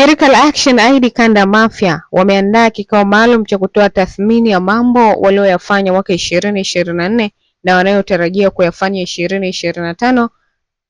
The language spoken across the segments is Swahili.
Shirika la Action Aid Kanda Mafia wameandaa kikao maalum cha kutoa tathmini ya mambo walioyafanya mwaka ishirini ishirini na nne na wanayotarajia kuyafanya ishirini ishirini na tano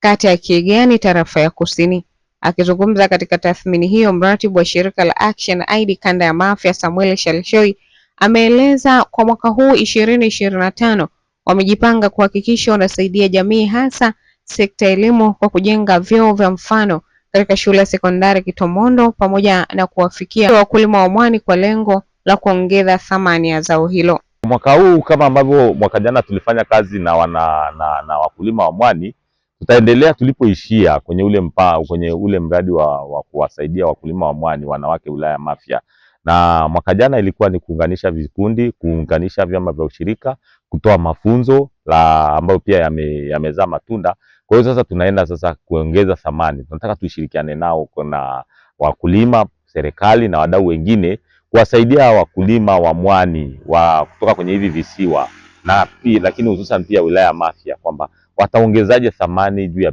kata ya Kiegani tarafa ya Kusini. Akizungumza katika tathmini hiyo, mratibu wa shirika la Action Aid Kanda ya Mafia Samuel Shalishoi ameeleza kwa mwaka huu ishirini ishirini na tano wamejipanga kuhakikisha wanasaidia jamii hasa sekta elimu kwa kujenga vyoo vya mfano katika shule ya sekondari Kitomondo pamoja na kuwafikia wakulima wa mwani kwa lengo la kuongeza thamani ya zao hilo. Mwaka huu kama ambavyo mwaka jana tulifanya kazi na, wana, na, na wakulima wa mwani, tutaendelea tulipoishia kwenye ule mpa, kwenye ule mradi wa, wa kuwasaidia wakulima wa mwani wanawake wilaya ya Mafia na mwaka jana ilikuwa ni kuunganisha vikundi, kuunganisha vyama vya ushirika, kutoa mafunzo la ambayo pia yamezaa yame matunda. Kwa hiyo sasa tunaenda sasa kuongeza thamani, tunataka tushirikiane nao na wakulima, serikali na wadau wengine kuwasaidia wakulima wa mwani wa kutoka kwenye hivi visiwa na pia, lakini hususan pia wilaya ya Mafia kwamba wataongezaje thamani juu ya,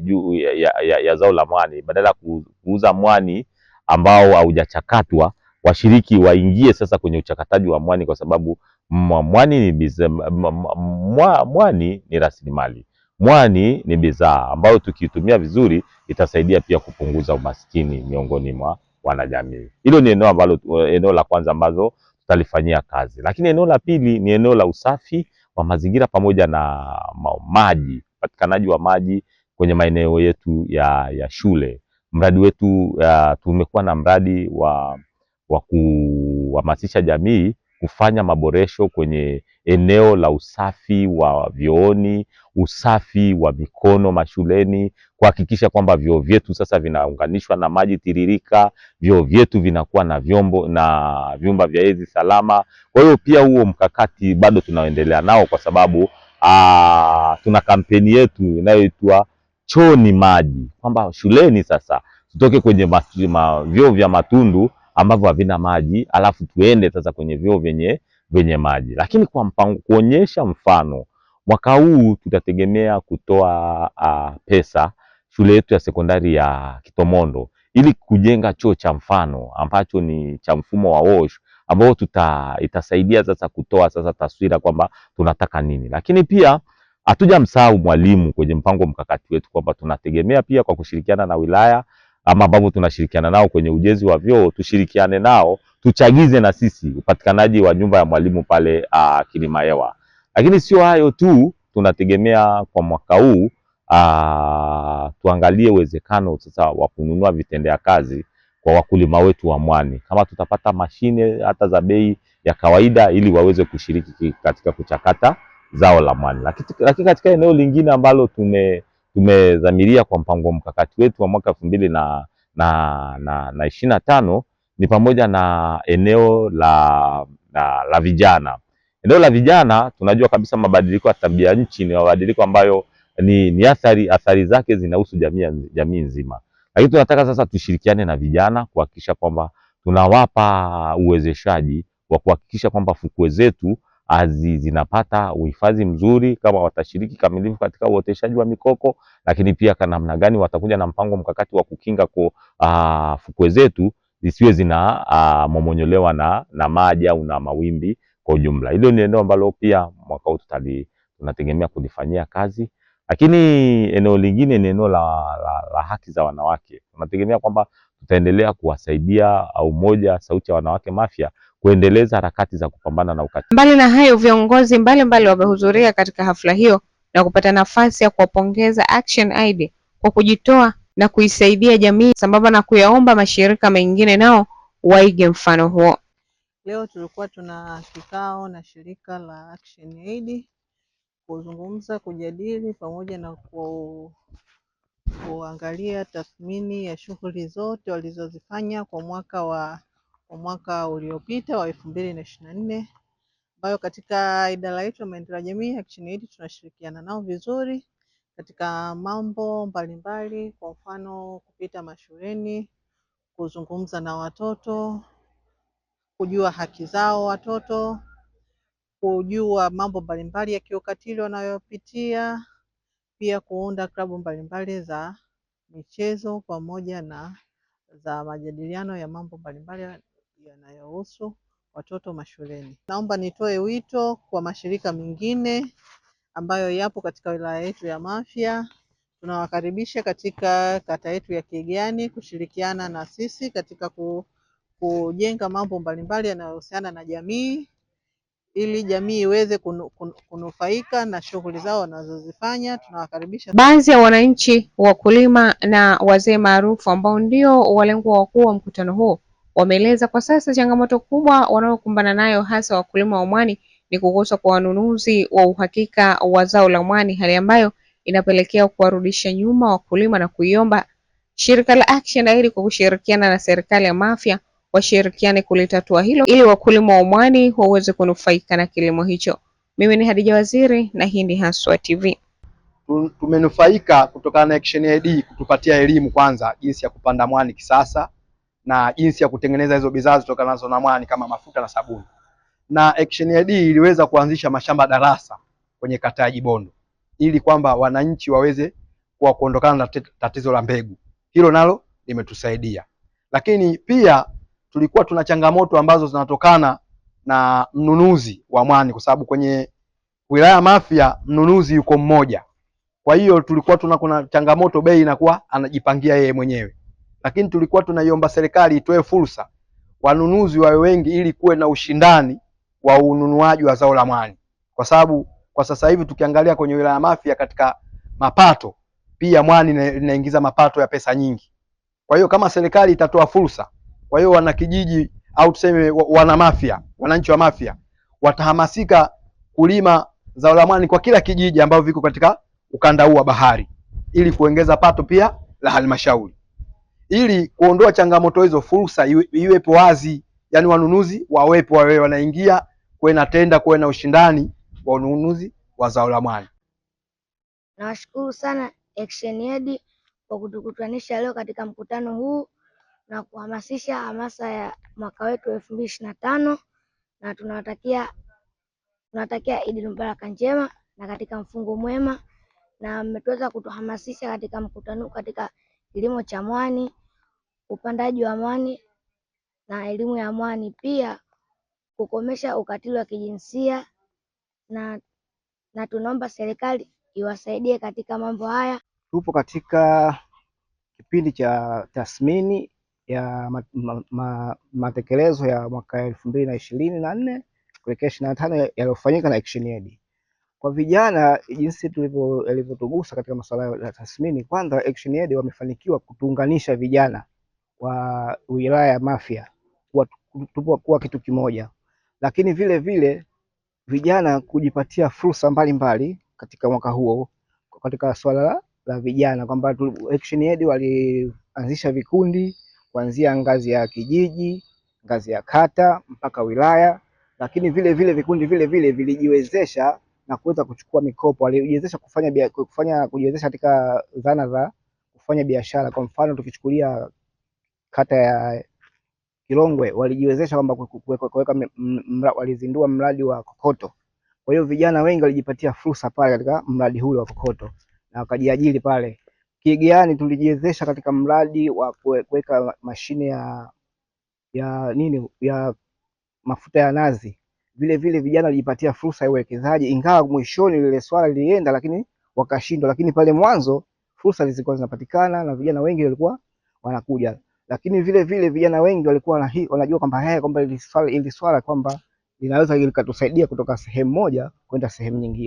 juu ya, ya, ya, ya zao la mwani badala ya kuuza mwani ambao haujachakatwa washiriki waingie sasa kwenye uchakataji wa mwani kwa sababu mwani ni, mwani ni rasilimali. Mwani ni bidhaa ambayo tukiitumia vizuri itasaidia pia kupunguza umaskini miongoni mwa wanajamii. Hilo ni eneo ambalo, eneo la kwanza ambalo tutalifanyia kazi, lakini eneo la pili ni eneo la usafi wa mazingira pamoja na maji, upatikanaji wa maji kwenye maeneo yetu ya, ya shule. Mradi wetu tumekuwa na mradi wa, wa kuhamasisha jamii kufanya maboresho kwenye eneo la usafi wa vyooni usafi wa mikono mashuleni, kuhakikisha kwamba vyoo vyetu sasa vinaunganishwa na maji tiririka, vyoo vyetu vinakuwa na vyombo na vyumba vya hedhi salama. Kwa hiyo pia huo mkakati bado tunaendelea nao kwa sababu aa, tuna kampeni yetu inayoitwa choni maji, kwamba shuleni sasa tutoke kwenye vyoo vya matundu ambavyo havina maji, alafu tuende sasa kwenye vyoo vyenye vyenye maji, lakini kwa mpango, kuonyesha mfano Mwaka huu tutategemea kutoa uh, pesa shule yetu ya sekondari ya Kitomondo ili kujenga choo cha mfano ambacho ni cha mfumo wa wash ambao tuta itasaidia sasa kutoa sasa taswira kwamba tunataka nini, lakini pia msahau mwalimu kwenye mpango mkakati wetu kwamba tunategemea pia kwa kushirikiana na wilaya ama ambavyo tunashirikiana nao kwenye ujenzi wa vyoo, tushirikiane nao tuchagize na sisi upatikanaji wa nyumba ya mwalimu pale uh, Kilimahewa. Lakini sio hayo tu, tunategemea kwa mwaka huu ah, tuangalie uwezekano sasa wa kununua vitendea kazi kwa wakulima wetu wa mwani, kama tutapata mashine hata za bei ya kawaida ili waweze kushiriki katika kuchakata zao la mwani. Lakini katika eneo lingine ambalo tume tumedhamiria kwa mpango mkakati wetu wa mwaka elfu mbili na na, na, na ishirini na tano ni pamoja na eneo la, la, la vijana Eneo la vijana, tunajua kabisa mabadiliko ya tabia nchi ni mabadiliko ambayo ni, ni athari athari zake zinahusu jamii jamii nzima, lakini tunataka sasa tushirikiane na vijana kuhakikisha kwamba tunawapa uwezeshaji wa kuhakikisha kwamba fukwe zetu azi zinapata uhifadhi mzuri, kama watashiriki kamilifu katika uoteshaji wa mikoko, lakini pia kwa namna gani watakuja na mpango mkakati wa kukinga kwa ah, fukwe zetu zisiwe zina ah, momonyolewa na, na maji au na mawimbi kwa ujumla. Hilo ni eneo ambalo pia mwaka huu tunategemea kulifanyia kazi, lakini eneo lingine ni eneo la, la, la haki za wanawake. Tunategemea kwamba tutaendelea kuwasaidia au moja sauti ya wanawake Mafia kuendeleza harakati za kupambana na ukatili. Mbali na hayo, viongozi mbalimbali wamehudhuria katika hafla hiyo na kupata nafasi ya kuwapongeza Action Aid kwa kujitoa na kuisaidia jamii sambamba na kuyaomba mashirika mengine nao waige mfano huo. Leo tulikuwa tuna kikao na shirika la Action Aid kuzungumza, kujadili pamoja na ku, kuangalia tathmini ya shughuli zote walizozifanya kwa mwaka wa kwa mwaka uliopita wa elfu mbili na ishirini na nne ambayo katika idara yetu ya maendeleo ya jamii Action Aid tunashirikiana nao vizuri katika mambo mbalimbali, kwa mfano kupita mashuleni, kuzungumza na watoto kujua haki zao watoto, kujua mambo mbalimbali ya kiukatili wanayopitia, pia kuunda klabu mbalimbali za michezo pamoja na za majadiliano ya mambo mbalimbali yanayohusu watoto mashuleni. Naomba nitoe wito kwa mashirika mengine ambayo yapo katika wilaya yetu ya Mafia. Tunawakaribisha katika kata yetu ya kigani kushirikiana na sisi katika ku kujenga mambo mbalimbali yanayohusiana na jamii ili jamii iweze kunu, kunu, kunufaika na shughuli zao wanazozifanya. Tunawakaribisha baadhi ya wananchi, wakulima na wazee maarufu ambao ndio walengwa wakuu wa mkutano huo wameeleza kwa sasa changamoto kubwa wanayokumbana nayo hasa wakulima wa mwani ni kukosa kwa wanunuzi wa uhakika wa zao la mwani, hali ambayo inapelekea kuwarudisha nyuma wakulima na kuiomba shirika la Action Aid kwa kushirikiana na serikali ya Mafia washirikiane kulitatua hilo ili wakulima wa mwani waweze kunufaika na kilimo hicho. Mimi ni Hadija Waziri na hii ni Haswa TV. Tumenufaika kutokana na Action Aid kutupatia elimu kwanza, jinsi ya kupanda mwani kisasa na jinsi ya kutengeneza hizo bidhaa zitokanazo na mwani kama mafuta na sabuni, na Action Aid iliweza kuanzisha mashamba darasa kwenye kata ya Jibondo ili kwamba wananchi waweze kuondokana na tatizo la mbegu. Hilo nalo limetusaidia, lakini pia tulikuwa tuna changamoto ambazo zinatokana na mnunuzi wa mwani, kwa sababu kwenye wilaya Mafia mnunuzi yuko mmoja. Kwa hiyo tulikuwa tuna kuna changamoto, bei inakuwa anajipangia yeye mwenyewe, lakini tulikuwa tunaiomba serikali itoe fursa wanunuzi wawe wengi, ili kuwe na ushindani wa ununuaji wa zao la mwani, kwa sababu kwa sasa hivi tukiangalia kwenye wilaya Mafia katika mapato pia mwani inaingiza mapato ya pesa nyingi. Kwa hiyo kama serikali itatoa fursa kwa hiyo wana kijiji au tuseme wana Mafia, wananchi wa Mafia watahamasika kulima zao la mwani kwa kila kijiji ambavyo viko katika ukanda huu wa bahari, ili kuongeza pato pia la halmashauri. Ili kuondoa changamoto hizo, fursa iwepo wazi, yani wanunuzi wawepo, wawe wanaingia, kuwe na tenda, kuwe na ushindani wa ununuzi wa zao la mwani. Nawashukuru sana Aid kwa kutukutanisha leo katika mkutano huu na kuhamasisha hamasa ya mwaka wetu elfu mbili ishirini na tano na tunawatakia tunawatakia Idi Mubaraka njema na katika mfungo mwema, na mmetuweza kutuhamasisha katika mkutano katika kilimo cha mwani, upandaji wa mwani na elimu ya mwani, pia kukomesha ukatili wa kijinsia na, na tunaomba serikali iwasaidie katika mambo haya. Tupo katika kipindi cha tathmini ya ma, ma, ma, matekelezo ya mwaka elfu mbili na ishirini na nne kuelekea ishirini na tano yaliyofanyika na Aid Kwa vijana, jinsi tulivyotugusa katika masuala ya tathmini, kwanza Aid wamefanikiwa kutuunganisha vijana wa wilaya ya Mafia kuwa, kuwa kitu kimoja, lakini vile vile vijana kujipatia fursa mbalimbali katika mwaka huo katika swala la vijana kwamba Aid walianzisha vikundi kuanzia ngazi ya kijiji, ngazi ya kata mpaka wilaya, lakini vile vile vikundi vile vile vilijiwezesha na kuweza kuchukua mikopo, walijiwezesha kufanya kufanya kujiwezesha katika dhana za kufanya biashara. Kwa mfano tukichukulia kata ya Kilongwe walijiwezesha kwamba kuweka walizindua mradi wa kokoto. Kwa hiyo vijana wengi walijipatia fursa pale katika mradi huu wa kokoto na wakajiajiri pale. Kigeani tulijiwezesha katika mradi wa kuweka mashine ya ya nini ya mafuta ya nazi. Vile vile vijana walijipatia fursa ya uwekezaji, ingawa mwishoni lile swala lilienda, lakini wakashindwa, lakini pale mwanzo fursa zilikuwa zinapatikana na vijana wengi walikuwa wanakuja, lakini vile vile vijana wengi walikuwa wanajua kwamba haya kwamba ili swala kwamba linaweza likatusaidia kutoka sehemu moja kwenda sehemu nyingine.